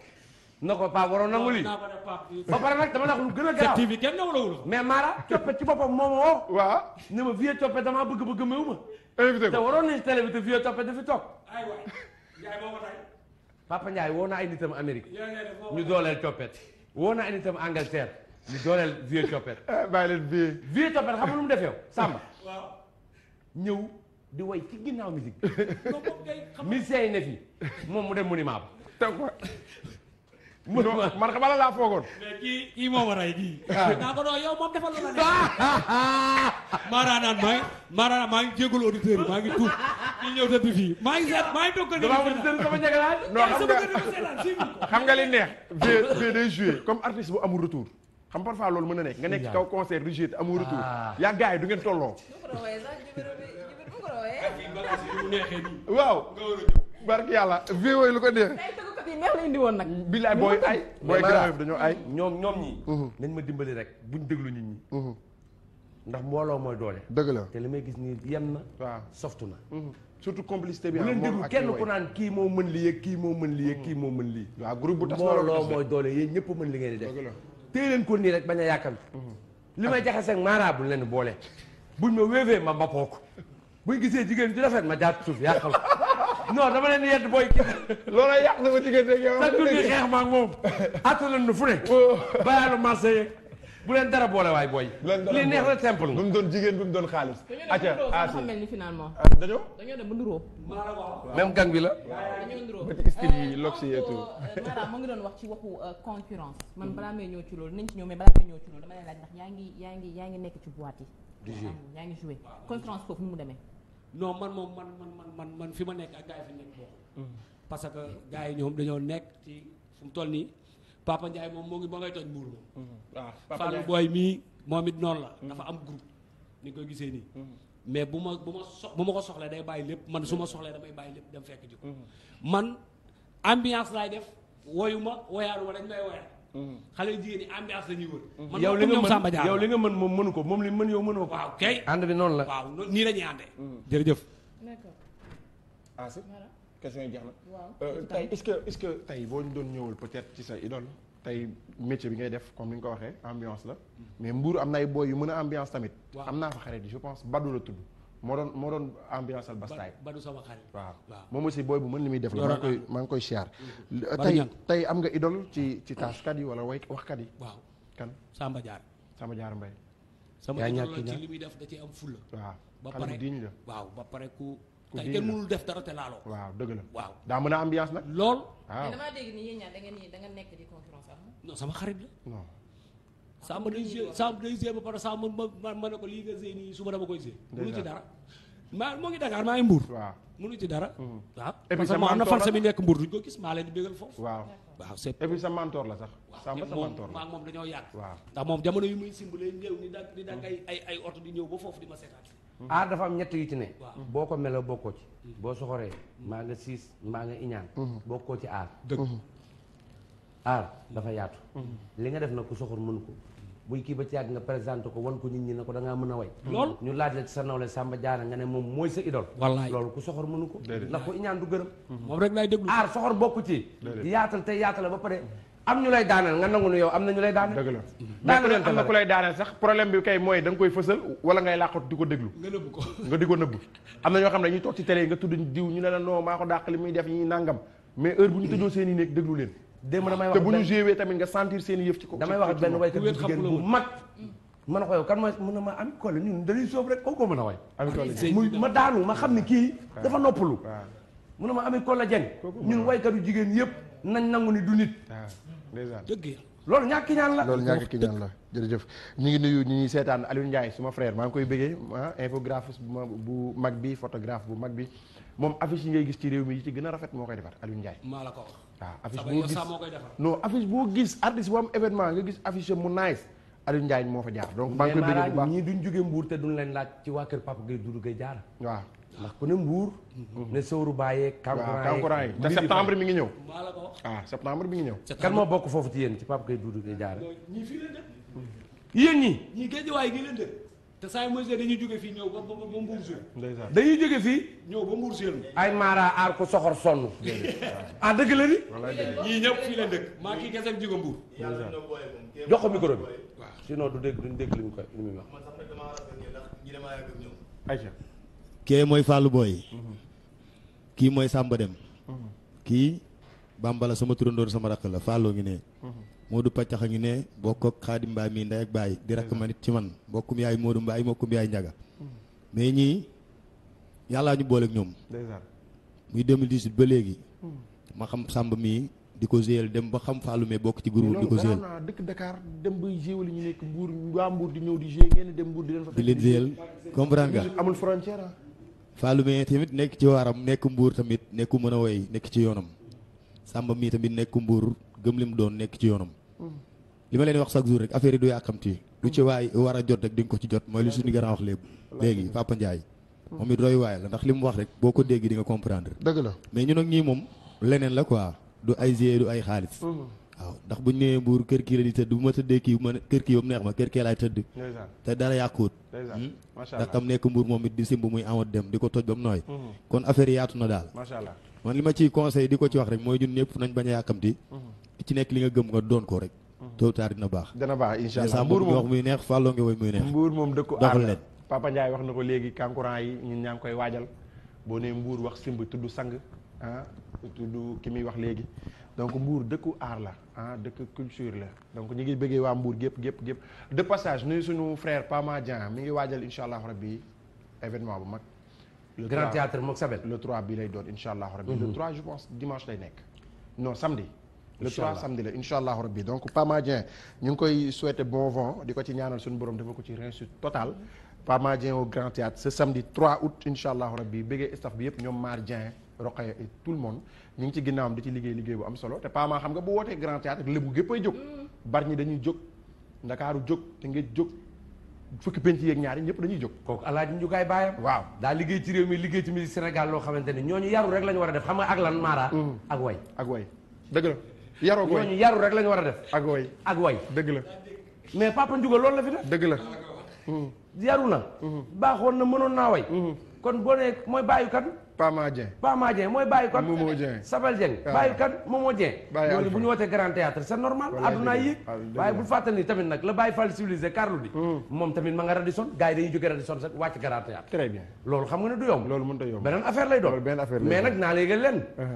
na ko Pape waroon nangu lii ba pare nag dama la wax lu gën a garaaw TV kenn na wala mais Mara coppe ci boppam moo ma woo. waaw ne ma vieux coppe damaa bëgg bëgg meew te waroon nañu télé bi te vieux coppe dafi toog. aywa Ndiaye moo woo naa ay nitam Amérique. ñu dooleel coppet woo na ay nitam Angleterre. ñu dooleel vieux coppet. Ah, bàyyi leen vieux. vieux coppet xam lu mu def yow Samba. waaw ñëw di way ci ginnaaw musique bi. non moom kay ne fii moom mu dem monument ba. teg ko man xam nga laa foogoon. mais kii kii moo war a ah. naa ko doon moom defal la ne. maaraanaan maa ngi maaraanaan maa ngi jégalu auditeurs maa gi tuut ñu ñëw tëdd fii maa ngi seet maa ngi toog kër yi. sama xam nga li neex. vieux vieux day comme artiste bu amul retour. xam parfois loolu mën na nekk nga nekk ci kaw concert du jeté amoo retour ah. yaa gars du ngeen tolloo ah, waaw barki yàlla viooyu lu ko dee neex la indi woon nag billaay booy ay booy grave dañoo ay ñoom ñoom nañ ma dimbali rek buñ déglu nit ndax mbooloo mooy doole dëgg la te li may gis nii yem na waaw na surtout complicité bi bu déglu kenn ku naan kii moo mën lii kii moo mën lii kii moo mën lii waa groupe bu tas mbooloo mooy doole yéen ñëpp mën li ngeen di def téye leen ko nii rek bañ a yàkkam mhm. li ma may jaxaseeg maanaa buñ leen boole buñ ma wéefee ma mbappoo ko buñ gisee jigéen ju rafet ma jaat suuf yàqal non dama leen yedd booy ki looloo yàq sama diggante ak yow. sax du xeex ma ak moom attalan nu fu ne oh. bayaalu marché yeeg bu leen dara boole waay booy. li neex la simple nga. bu mu doon jigéen bu mu doon xaalis. acca aasi ah, dañoo dem finalement. dañoo dem ba nduróo. même gang bi la. dañoo nduróo lox yi et euh, ngi doon wax ci waxu euh, concurrence man balaa may ñëw ci loolu nañ ci ñëw mais balaa may ñëw ci loolu dama lay laaj ndax yaa ngi yaa ngi yaa ngi nekk ci boîte yi. di joué yaa ngi joué concurrence foofu mu demee. non man moom man man man man man fi ma nekk ak gars yi fi nekk boobu. Mm. parce que gaa yi ñoom dañoo nekk ci fu mu toll nii Papa Ndiaye moom moo boo moo ngay toj mbuur moom. Mhm. waaw ah, Papa Ndiaye mii moom it noonu la. Mhm. dafa am group ni nga koy gisee nii. Mhm. mais bu ma bu ma so bu ma ko soxla day bàyyi lépp man su ma soxlee damay bàyyi lépp dem fekk ji man ambiance laay def woyu ma woyaaru ma dañ may woyaat. xale yu jigéen ñi ambiance la ñuy wër. yow li nga mën yow li nga mën moom mënu ko moom li mën yow mënoo ko. waaw kay ànd bi noonu la waaw nii la ñuy àndee. jërëjëf. d'accord. Ah, question yi jeex na. Euh, tey est-ce que boo ñu doon ñëwul peut-être ci sa idole tey métier bi ngay def comme ni nga ko waxee ambiance la. mais Mbour am na ay boy yu mën a ambiance tamit. am naa fa xarit je pense Badou la tudd. moo doon moo doon ambiance al bastaay Badou sama xarit waaw moom aussi booy bu mën li muy def la ma ngi koy maa siyaar tey tey am nga idole ci ci taaskat yi wala way waxkat yi waaw kan Samba Diar Samba Diar Mbaye sama idole ci li muy def da ci am fulla waaw ba pare diñ la waaw tey kenn mënul def dara te laaloo. waaw dëgg la waaw daa mën a ambiance nag. lool waaw mais damaa dégg ni nekk di concurrence am. non sama xarit la. non. sàmm day gée sàmm day gée ba pare ma ne ko lii nga gée nii suba dama dara maa moo ngi Dakar maa ngi Mbour. waaw mënu ci dara. waaw mm-hmm. ah, parce que maa na nekk Mbour duñ gis maa leen di bégal foofu. waaw waaw sa mentor la sax. sàmm sa moom dañoo yàgg. waaw ndax moom jamono yu muy simb lay ñëw di dagg di ay oto di ñëw ba foofu di ma seetaat aar dafa am ñett yu ci ne boo ko meloo bokkoo ci boo soxoree mbaa nga siis mbaa nga iñaan mhm. bokkoo ci aar mhm. aar dafa yaatu mhm. li nga def na ku soxor mënu ko buy kii ba ci yàgg nga présenté ko wan ko nit ñi ne ko da ngaa mën a way lool ñu laaj la ci sa nawle Samba Diarra nga ne moom mooy sa idole wallaay ku soxor mënu ko ndax ko iñaan du gërëm moom rek laay déglu aar soxor bokku ci yaatal te yaatal ba pare am ñu lay daaneel nga nangu nu yow am na ñu lay daaneel. dëgg la daaneel am na ku lay daaneel sax problème bi kay mooy da nga koy fësal wala ngay làqatu di ko déglu. nga nëbb ko nga di ko nëbb. am na ñoo xam ne dañuy toog ci télé yi nga tudd diw ñu ne la non maa ko dàq li muy def ñi nangam mais heure bu ñu tëjoo seen i néeg déglu leen. démb damay wax te bu ñu joué tamit nga sentir seen yëf ci ko damay wax benn waykat bu jigéen bu mag. ma ne ko yow kan ma mën a ma am koole ñun dañuy soob rek kooku mën a way. muy ma daanu ma xam ne kii dafa noppalu. Ah. mu ne ma amee Kola Dieng ñun waykat yu jigéen yëpp nañ nangu ni du nit ah. dëgg yàlla loolu ñàkk ñaan la loolu ñàkk ñaan la jërëjëf ñu ngi nuyu ñu ngi seetaan Aliou Ndiaye suma frère maa ngi koy bëggee ah infographiste bu mag bi photographe bu mag bi moom affiche yi ngay gis ci réew mi yi ci gën a rafet moo koy defar Aliou Ndiaye maa ko wax ah, boo gis moo koy defar non boo gis artiste bu am événement nga gis affiche mu nice Aliou Ndiaye moo fa jaar donc maa ngi koy bëggee bu baax ñii duñ jógee Mbour te duñ leen laaj ci waa kër Papa Gueye Doudou Gueye jaar waaw ndax ku ne mbuur mhm. ne sóoru bàyyee kankuraan yi te septembre mi ngi ñëw maa ah, septembre mi ngi ñëw kan moo bokk foofu ci yéen ci pap Gueye Doudou Gueye Diarra ñii fii ñi géej waaye gi leen dëkk te saa yu mosee dañuy jóge fii ñëw ba ba ba mbuur seel dañuy jóge fii ñëw ba mbuur ay maara aar ko soxor sonn ah dëgg la ni ñii ñëpp fii leen dëkk maa kii gesek jóge mbuur jox ko micro bi sinon du dégg duñ dégg li ñu koy li muy wax kee mooy Fallou Boy kii mooy Samba Dem kii Bambala sama turandoor sama rakk la Fallou ngi ne Modou Paccax a ngi ne bokk ak Xaadim Mbaay mii ndey ak baay di rakk ma nit ci man bokkum yaay Modou Mbaay bokkum yaay Njaga mais ñii yàllaa ñu booleeg ñoom muy 2018 ba léegi ma xam Samba mii di ko géyal dem ba xam Fallou mais bokk ci groupe di ko géyal di leen fa di leen Fallou Meye tamit nekk ci waaram nekk mbuur tamit nekk ku mën a woy nekk ci yoonam Samba mii tamit nekk mbuur gëm li mu doon nekk ci yoonam. Mm. li ma leen wax chaque jour rek affaire yi du yàkkamti lu ci waay war a jot rek di ko ci jot mooy li suñu gën a wax léegi léegi Papa Ndiaye. Mm. moom it roy waay la ndax li mu wax rek boo ko déggee di nga comprendre. dëgg la mais ñun ak ñii moom leneen la quoi du ay GIE du ay xaalis. Mm. waaw ndax buñ nee mbuur kër kii la di tëdd bu ma tëddee kii ma kër kii ba mu neex ma kër kee laay tëdd te dara yàquut hmm? ndax kam nekk mbuur moom di simb muy amat dem di ko toj ba mu nooy hmm. kon affaire yaatu na daal man li ma ciy conseil di ko ci wax rek mooy ñun ñëpp nañ bañ a yàkkamti hmm. ci nekk li nga gëm nga doon ko rek tôt tard dina baax mbuur moom wax muy neex fàlloo nga woy muy neex mbuur moom dëkku aar la Papa Ndiaye wax na ko léegi kankurang yi ñun ñaa ngi koy waajal boo ah, ki muy wax léegi donc mbuur dëkku aar la ah dëkk culture la donc ñu ngi bëggee waa mbuur gépp gépp gépp de ni suñu frère Pama Dieng mi ngi waajal incha allah rabbi événement bu mag. le grand théâtre mook Sabel le trois bi lay doon incha allah rabbi le 3 mhm. je pense dimanche lay nekk non samedi. le 3 samedi la incha allah rabbi donc Pama ñu ngi koy souhaiter bon vent di ko ci ñaanal suñu borom dafa ko ci réussite totale. Pama Dieng au Grand Théâtre ce samedi 3 août incha allah rabbi bëggee yëpp ñoom Mar Dieng Roqaya le monde. ñu ngi ci ginnaawam di ci liggéey liggéey bu am solo te Pama xam nga bu wootee grand théâtre lébu gépp mm. dañuy jóg ndakaaru jóg te nga jóg fukki penc yeeg ñaari ñëpp dañuy jóg kooku alaaji njugaay baayam waaw daa liggéey ci réew mi liggéey ci musique Sénégal loo xamante ni ñooñu yaru rek lañu war a def xam nga ak lan maara mm. ak way ak way dëgg la yaru ak war a def ak way ak way dëgg la mais papa njuga loolu la dëgg la yaru na mm-hmm. baaxoon na mënoon naa way mm-hmm. kon boo ne mooy bàyyu kan Pama Dieng Pama Dieng mooy ah. bàyyi kan Momo Dieng Sabel Dieng bàyyi kan Momo Dieng loolu bu ñu wootee grand théâtre c'est normal addunaa yéeg waaye bul fàttali hmm. a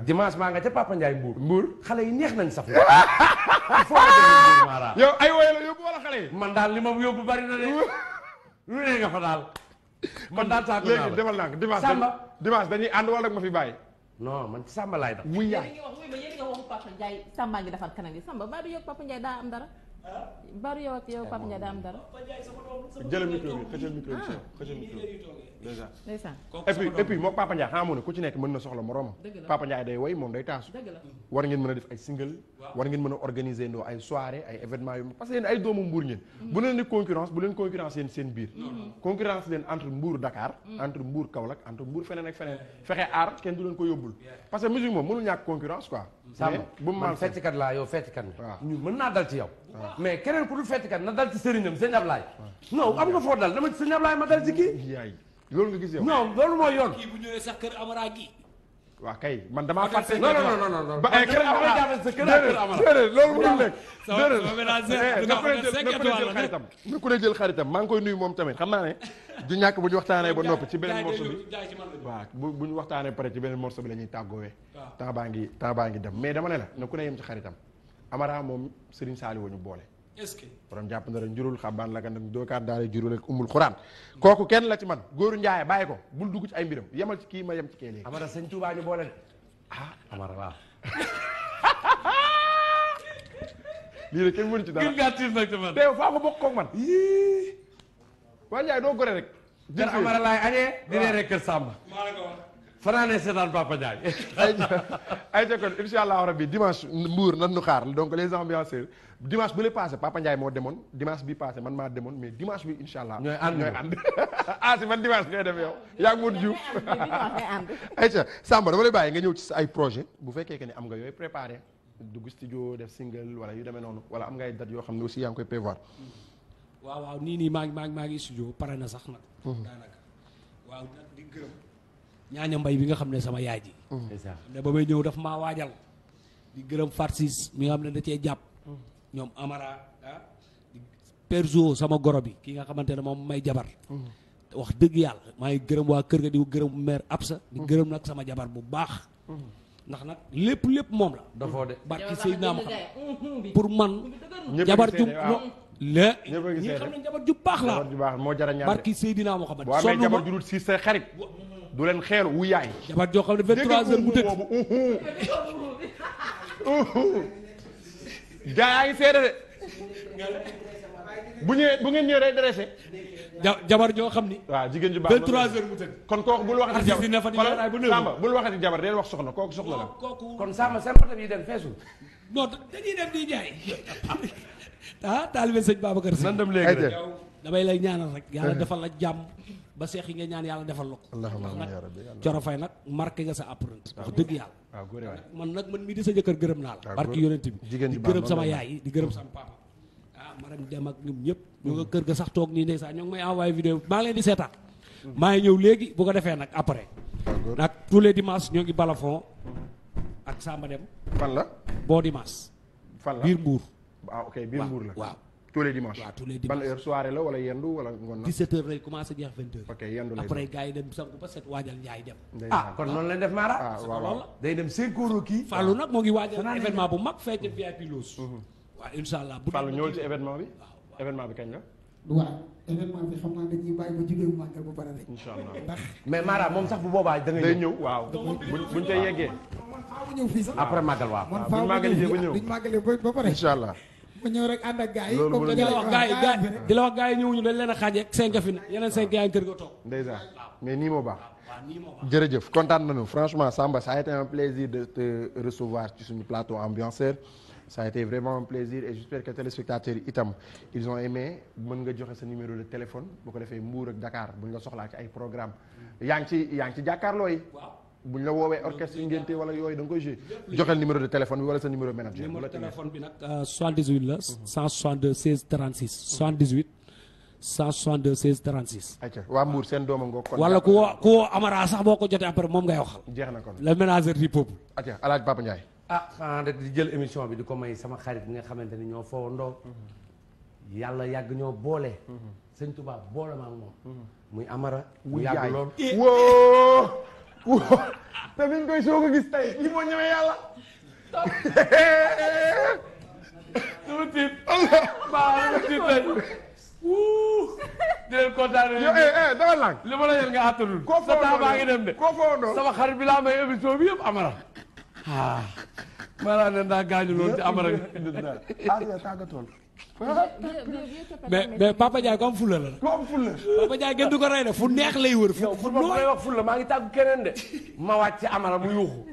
ah. Papa Ndiaye Mbour Mbour xale yi neex nañ saf yow ay la yóbbu wala xale yi man daal li ma yóbbu bari na de lu ne nga fa daal kon daal saako léegi demal naa ko dimanche dimanche dañuy ànd wala ma fi bàyyi. non man Samba laay def. muy yaay yéen a wax Samba ngi defar kanam gi Samba Badou yow Papa Ndiaye daa am dara. Ah? Badou yow a yow Papa Ndiaye daa am dara. jëlal micro bi xëccal micro bi ah. xëccal ndeysaan et puis et puis mook ku ci nekk mën na soxla moroomam Papa Ndiaye day woy moom day taasu war ngeen mën a def ay single war ngeen mën a organiser ay soirée ay événement yu parce que ay doomu mbuur ngeen mm-hmm. ko yóbbul parce que musique moom mënul ñàkk mm-hmm. mën naa dal ci yow mais keneen ku dul fecckat na dal ci sëriñam sëñ ma dal ci kii loolu nga gis yow. non loolu mooy yoon. kii bu ñëwee sax kër Amara gi. waaw kay man damaa fàtte. non non non non ba eh, kër Amara déedéet loolu mënul nekk. déedéet eh, na ku ne jël xaritam na ku ne jël xaritam maa ngi koy nuyu moom tamit xam naa ne. du ñàkk bu ñu waxtaanee ba noppi ci beneen morceau bi waaw bu bu ñu waxtaanee pare ci beneen morceau bi la ñuy tàggoowee. temps baa ngi temps baa ngi dem mais dama ne la na ku ne yem ci xaritam Amara moom Serigne Saliou ñu boole est-ce que borom jàpp na rek njurul xabaan la ka nag dookaat daal jurul ak umul xuraan kooku kenn la ci man góoru njaaye bàyyi ko bul dugg ci ay mbiram yemal ci kii ma yem ci kee léegi amara sëñ boole ah amara waaw lii kenn mënu ci ci man teew faa ko bokk man waa Njaay doo gore rek jër añee di reer rek fanaanee seetaan Papa Ndiaye ayca kon incha allahu rabbi dimanche mbuur nan nu xaar donc les ambianceurs dimanche bu le passé Papa Ndiaye moo demoon dimanche bi passé man maa demoon mais dimanche bi incha allah ñooy ànd ñooy ànd ah man dimanche ngay dem yow yaa ngi mën Diouf ayca Samba dama lay bàyyi nga ñëw ci sa ay projet bu fekkee que ne am nga yooyu préparé dugg studio def single wala yu deme noonu wala am ngay date yoo xam ne aussi yaa ngi koy prévoir waaw waaw maa maa maa ngi studio pare na sax nag mhm. daanaka waaw ñaaña mbay bi nga xam ne sama yaay ji mm. ne ba may ñëw daf maa waajal di gërëm farsis mi nga xam ne da cee jàpp ñoom amara ah perzo sama goro bi ki nga xamante ne moom may jabar mm. wax dëgg yàlla maa ngi gërëm waa kër ga di gërëm mère Absa di mm. gërëm nag sama jabar bu baax ndax nag lépp lépp moom la dafoo de barki Seydina Muhammad mm-hmm. pour man jabar ju la ñi xam ne jabar ju baax la du leen xeelu wu yaay. jabar joo xam ne 23h bu tëdd gaa yaa ngi seede bu ñëwee bu ngeen ñëwee rek dressé. ja joo xam ni. waa jigéen ju baax 23h mu kon kooku bul waxati jabar na fa di ay bu Samba bul waxati jabar wax soxna kooku soxna la. kon Samba seen potam yi dem feesul. non dañuy dem di jaay ah taalibe sëñ Babacar Si. nan dem léegi damay lay ñaanal rek yàlla defal la jàmm. ba seex yi nga ñaan yàlla defal la ko. allahumma ya rabbi Coro Faye nag marqué nga sa apprenti wax dëgg yàlla. Ah, man nag man mii di sa jëkkër gërëm naa la. Ah, barki yonent bi di gërëm sama yaay di gërëm sama papa. ah maram dem ak ñëpp. ñu kër ga sax toog nii ndeysaan ñoo ngi may envoyé vidéo maa ngi maa ngi ñëw léegi bu ko defee nag après. Ah, nag les dimanches ñoo ngi balafon ak Samba Dem. fan la. boo dimanche. fan biir Mbour. ah ok biir Mbour la waaw tous les dimanches waaw tous les dimanches ban heure soirée la wala yendu wala ngoon na. 17h lay commencé jeex 20h. ok yendu lay après gars dem ah kon noonu lañ def Mara. moom sax bu boobaa da ñëw waaw buñ buñ yeggee. man faaw fii sax. après màggal waaw. man faaw ñëw fii buñ màggalee ba pare. incha allah ma ñëw rek ànd ak gars yi. loolu di la wax gars yi ñëwuñu dañ leen a xaaj rek cinq fi na yeneen cinq yaa ngi kër ga toog. ndeysaan mais nii moo baax. jërëjëf kontaan nañu franchement Samba ça a été un plaisir de te recevoir ci suñu plateau ambianceur ça a été vraiment un plaisir et j'espère que téléspectateurs yi itam ils ont mais mën nga joxe sa numéro de téléphone boo ko defee mbuur ak dakaar buñ la soxlaa ci ay programme mm. yaa ngi ci yaa ngi ci jàkkaarloo yi. bu ñu la woowee orchestre ngénte wala yooyu da nga koy joué joxel numéro de téléphone bi wala sa numéro manager numéro téléphone bi nag 78 euh, la 162 16 36 78 162 16 36. ayca waa Mbour seen doom a ngoog. kon wala ku woo ku woo Amara sax boo ko jotee après moom ngay waxal. jeex na kon le ménageur du peuple. ayca El Hadj Papa Ndiaye. ah xanaa da di jël émission bi di ko may sama xarit bi nga xamante ni ñoo fowandoo. yàlla yàgg ñoo boole. Mhm. sëñ Touba boole ma ak moom. Mhm. muy Amara. mu yàgg lool wóó. te mi ngi koy soog gis tey kii moo ñemee yàlla. dama tiit. baax na tiit tey. di leen kontaanee. yow eh, eh dama laaj. li ma la yël nga àttalul. koo foo sa ngi dem de. koo foo xarit bi may émission bi yëpp amara. ah. maanaam nee naa gaañu loolu ci amara. ah yow tàggatool. mais mais Papa Ndiaye ko am fulla la. ko am fulla Papa Ndiaye gën du ko rey de fu neex lay wër. fu nooy fu ma wax fulla maa ngi tàggu keneen de. ma wàcc ci Amara mu yuuxu.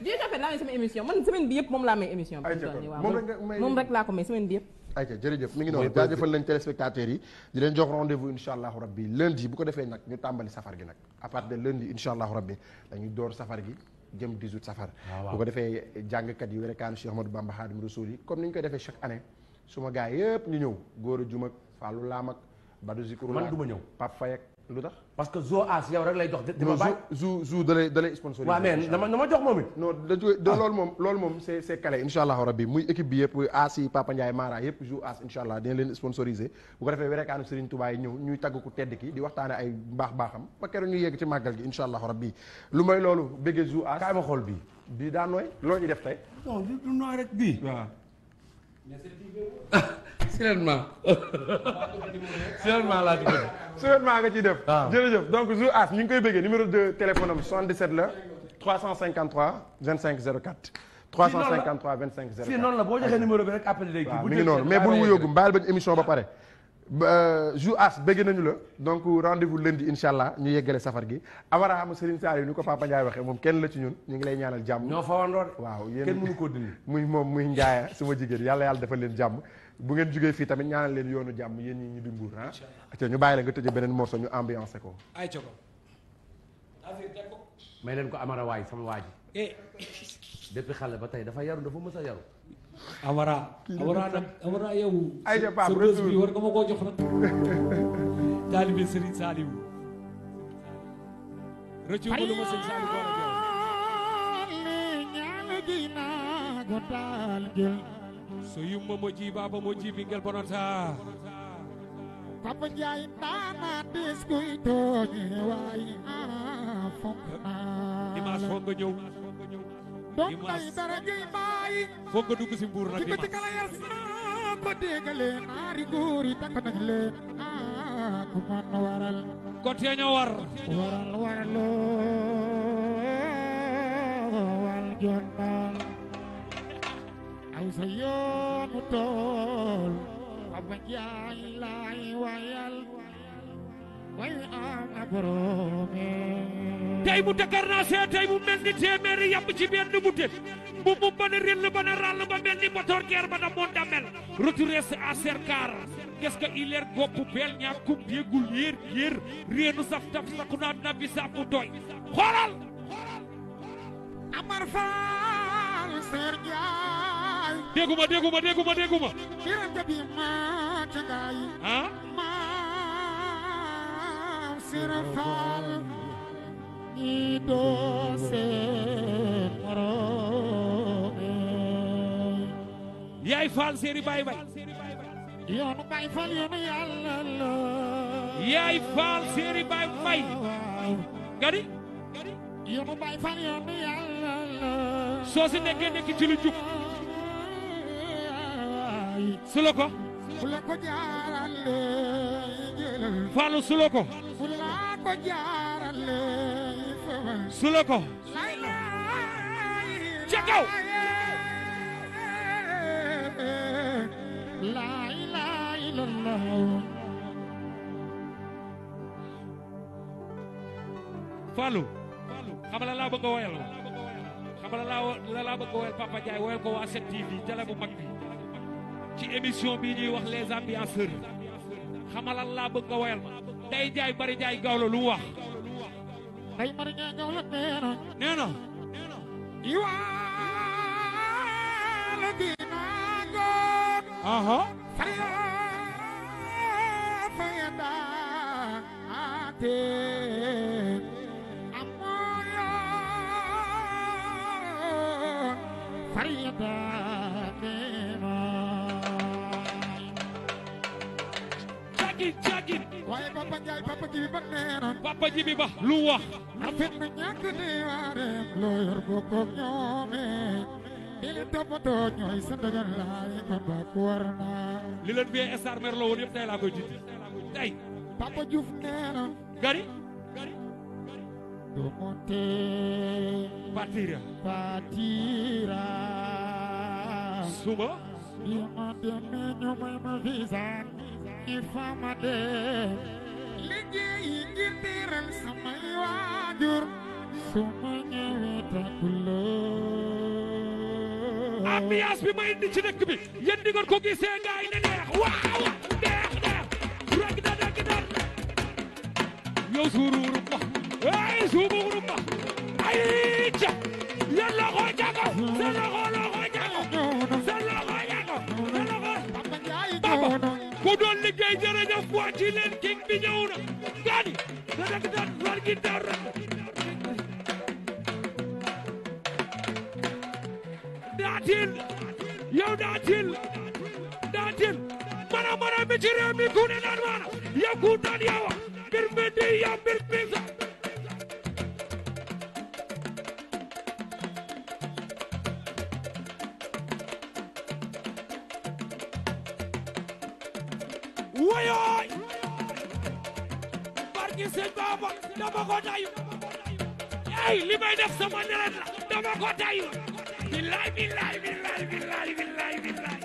Vieux Café laa may sama émission man semaine bi yëpp moom laa may émission. bi moom rek laa ko may semaine bi yëpp. ayca jërëjëf mi ngi noonu jaajëfal nañ téléspectateurs yi di leen jox rendez-vous insha allahu rabbi lundi bu ko defee nag ñu tàmbali safar gi nag à partir de lundi insha allahu rabbi dañuy door safar gi jëm 18 safar ah, bu ko defee jàngkat yi wereekaanu Cheikh Ahmadou Bamba Khadimu Rassoul yi comme ni ñu koy defee chaque année suma gars yëpp ñu ñëw góor a jum ak Fallou Lam ak Badou Zikour du ma ñëw Pape Faye lu tax parce que zoo as yow rek lay dox. di ma bàyyi zoo moom it. moom loolu moom c' est c' est calé incha allah rabbi muy équipe bi yëpp as yi Papa Ndiaye Mara yëpp zoo as incha allah dina leen sponsorisé bu ko defee werekaanu Serigne Touba ñëw ñuy tagg tedd ki di waxtaane ay baax baaxam ba keroog ñu yegg ci màggal gi incha allah rabbi lu may loolu bëggee zoo as. kaay ma xool bii bii daa nooy loo ñu def tey. non seulement seulement laa ci def seulement nga ciy def jërëjëf donc Zou As ñu ngi koy bëggee numéro de téléphone am 77 la 353 25 04 353 25 04 fii noonu la boo joxee numéro bi rek appel léegi mi ngi noonu mais bul wuyoogu mbaal bañ émission ba pare Euh, jou as bëgg nañu la donc rendez-vous lundi incha allah ñu yeggale safar gi abrahama Serigne Saliou ni ko Papa Ndiaye waxee moom kenn la ci ñun ñu ngi lay ñaanal jàmm ñoo fa woon lool waaw yéen kenn mënu ko dindi muy moom muy njaaya suma jigéen yàlla dafa leen jàmm bu ngeen jógee fii tamit ñaanal leen yoonu jàmm yéen ñu di mbuur ah aco ñu bàyyi la nga ko ay coko leen ko amara waay sama waa ji eh. xale ba tey dafa yaru dafa mës a yaru Amara Amara nag Amara yow. ayca Pape retour bi war nga ma koo jox nag. taalibe Serigne Saliou. rëccu ma lu ma Serigne Saliou war a jox. so yumma mo ji baba mo ji ɓinguel bonata papa ndiaye dana deskuy toñe doom day dara jëy bàyyi foog nga dugg si mbuur nag dimanche kala yar saa ko déggalee naari yi takk nañ leen ah ku man waral ko teeña war waral waraloo wal way am na tey bu décarnassé tey bu mel birante bi maata gaay ah maam yaay faal seeri baay bay yoonu baay faal yoonu yàlla la yaay faal seeri baay bay gari yoonu baay faal yoonu yàlla la soo si nekkee nekk ci lu jub su la ko fu la ko jaarale faalu su la ko fu la ko jaarale su la ko ca kaw la ilaha illallah Fallou xamala laa bëgg a woyal xamala laa laa bëgg woyal Papa woyal ko waa 7TV télé bu mag bi ci émission bii ñuy wax les ambianceurs xamala laa bëgg nga woyal ma jaay bari jaay lu wax day mari ñee la neena neena yiwaale dina ngoon aha fariyaa fayadaa ateen amooyaa fariyadaa neena jagit jagit waaye papa njaay papa jibi ba neena papa jibi ba lu affaire bi ñàkk di waareem loo yor ñoomee li toppatoo ñooy sa ndëgën laay kon ku war naa li leen biyee estar mer loo woon yëpp tey laa koy dindi tey gari du monte patira patira suba li ma demee ñu may ma visa ni fama dem liggéeyi ngir teral samay waajur su ma ñëwee tàggu loo ambiance bi may indi ci dëkk bi yéen di ngeen ko gisee gaay na neex waaw neex neex rek da dëkk da yow suuru wuru mbax ay suuru wuru mbax ay ja yàlla ko jago sa loxo loxo jago dey a wàcc leen king bi ñëw na gaani da dak dat war gi dara daatil yow daatil daatil mana mana mi ci réew mi ku ne naan maana yow ku daan yawa bir mi di bir pisa ko tayu ey li may def sama deret la dama ko tayu billaay billaay billaay billaay billaay billaay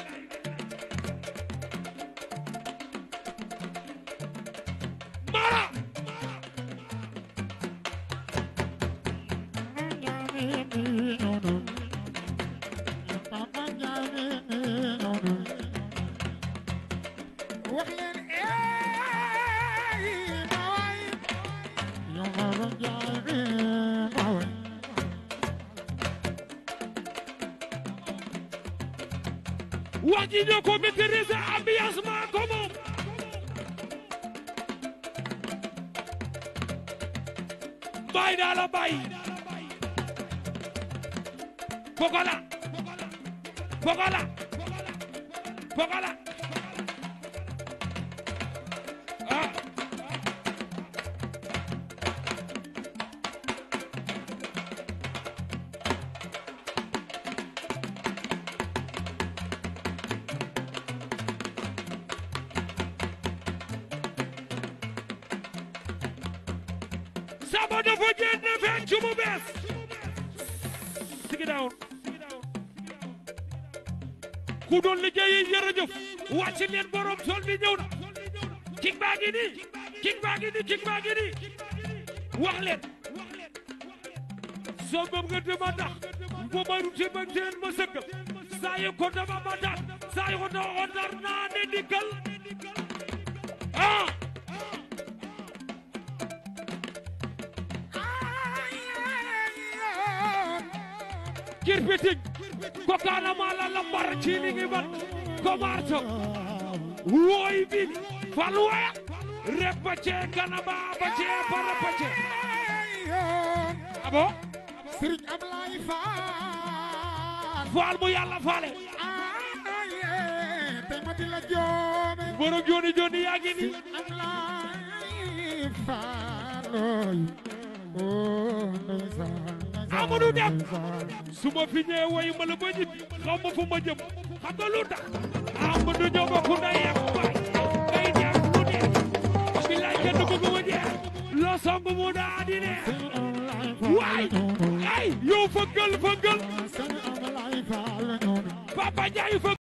Pogola Pogola ah Samba dafa génn fecc mu bees ku doon liggéeyi jërëjëf wàcc borom sol bi ñëw na kik baa ngi nii kik baa ngi nii kik baa ngi nii tax bu ma ba teel ma sëkk saa yu ko dama ma tax saa yu ko dama ah! ko kanamala lambar ciningi bat komarto woy bin falwaya repace kanama bace barapace abo Serigne Ablaye Fall faal mu yàlla faale tey ma di la joome borom joni joni yaa ngi ni Ablaye Fall oh, su ma fi ñëwee woy ma la xaw ma fu ma jëm xam am du ñoo bokk ndey ak baay ngay jaar lu neex bilaay kenn du ko ma jeex loo song mu daa di neex waay ay yow fëggal fëggal Papa Njaay